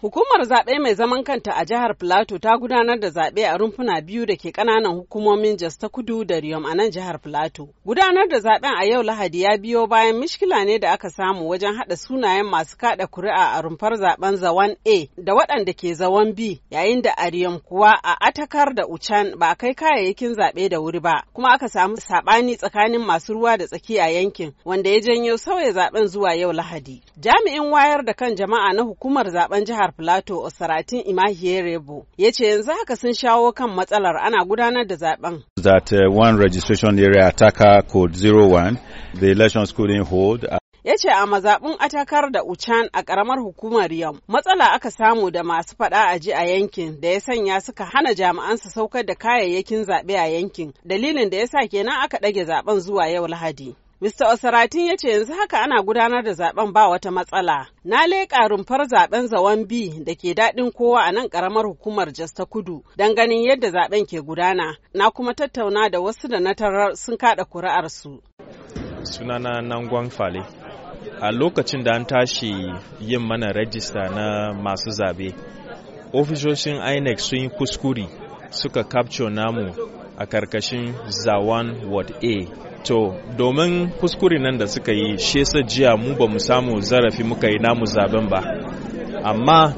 Hukumar zaɓe mai zaman kanta a jihar Filato ta gudanar da zaɓe a rumfuna biyu da ke ƙananan hukumomin Jos ta Kudu da Riyom a nan jihar Filato. Gudanar da zaɓen a yau Lahadi ya biyo bayan mishkila ne da aka samu wajen haɗa sunayen masu kaɗa kuri'a a rumfar zaɓen zawan A da waɗanda ke zawan B yayin da a Riyom kuwa a Atakar da Ucan ba a kai kayayyakin zaɓe da wuri ba kuma aka samu saɓani tsakanin masu ruwa da tsaki a yankin wanda ya janyo sauya zaɓen zuwa yau Lahadi. Jami'in wayar da kan jama'a na hukumar zaɓen jihar jihar Filato Osaratin Imahierebo ya ce yanzu haka sun shawo kan matsalar ana gudanar da zaben. That uh, one registration area Ataka code 01 the elections couldn't hold. Uh, ya ce a mazaɓin atakar da uchan a ƙaramar hukumar yau matsala aka samu da masu faɗa a ji a yankin da ya sanya suka hana jami'an su saukar da kayayyakin zaɓe a yankin dalilin da ya sa kenan aka ɗage zaɓen zuwa yau lahadi Mr. Osaratin ya ce yanzu haka ana gudanar da zaben ba wata matsala. Na leƙa rumfar zaben zawan bi da ke daɗin kowa a nan ƙaramar hukumar Jos ta Kudu don ganin yadda zaben ke gudana. Na kuma tattauna da wasu da na tarar sun kaɗa kuri'arsu. Sunana Nangwan Fale. A lokacin da an tashi yin mana rajista na masu zabe, ofisoshin INEC sun yi kuskure suka capture namu a karkashin Zawan Ward A To, domin kuskure nan da suka yi, shesa jiya mu ba mu samu zarafi muka yi namu zaben ba. Amma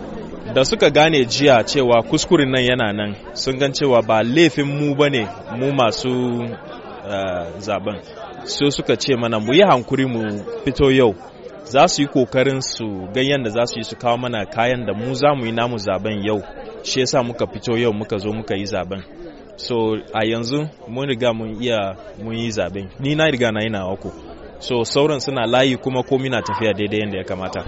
da suka gane jiya cewa kuskure nan yana nan, sun gan cewa ba laifin mu ba ne mu masu eh, zaben. So suka ce mana mu yi hankuri mu fito yau. Za su yi kokarin su ganyen da za su yi su kawo mana kayan da mu za mu yi namu zaben yau. Shi yasa muka fito yau muka zo muka yi zaben. so a yanzu mun riga mun iya mun yi zaben ni na riga na yi nawa so sauran suna layi kuma komi na tafiya daidai yadda ya kamata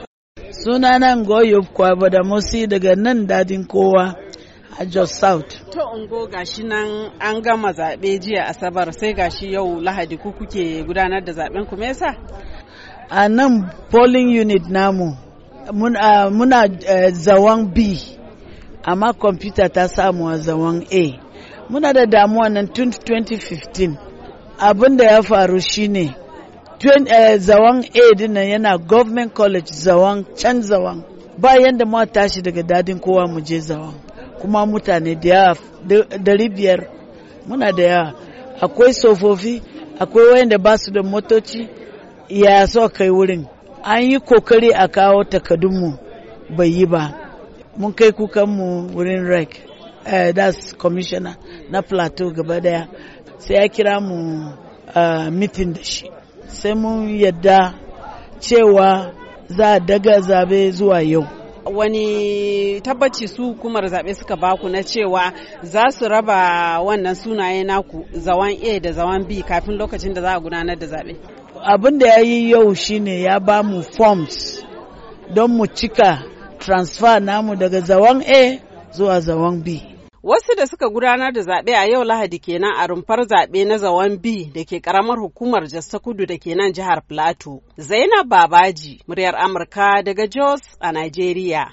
nan ngoyo kwaba da musi daga nan dadin kowa a Jos South. To ungo gashi nan an gama zaɓe jiya Asabar sai gashi yau Lahadi ku kuke gudanar da zaɓen ku yasa? A nan polling unit namu muna, muna uh, eh, zawan B amma kwamfuta ta samu a zawan A. muna da damuwa nan tun 2015 abin da ya faru shine eh, zawan a dinnan yana government college zawan can zawan bayan da ma tashi daga dadin kowa mu je zawan kuma mutane da yawa dari biyar muna da yawa akwai sofofi akwai wayanda ba su da motoci ya so kai wurin an yi kokari a kawo takadunmu bai yi ba mun kai kukanmu wurin rec uh, eh, das commissioner na plateau gaba daya sai ya kira mu uh, eh, mitin da shi sai mun yadda cewa za a daga zabe zuwa yau wani tabbaci su kumar zaɓe suka baku na cewa za su raba wannan sunaye naku zawan a da zawan b kafin lokacin da za a gudanar da zaɓe abin da ya yi yau shine ya ba mu forms don mu cika transfer namu daga zawan a zuwa zawan b Wasu da suka gudanar da zaɓe a yau Lahadi kenan a rumfar zaɓe na zawan B da ke ƙaramar hukumar Jos ta Kudu da ke nan jihar Plateau. Zainab Babaji, muryar Amurka daga Jos a Najeriya.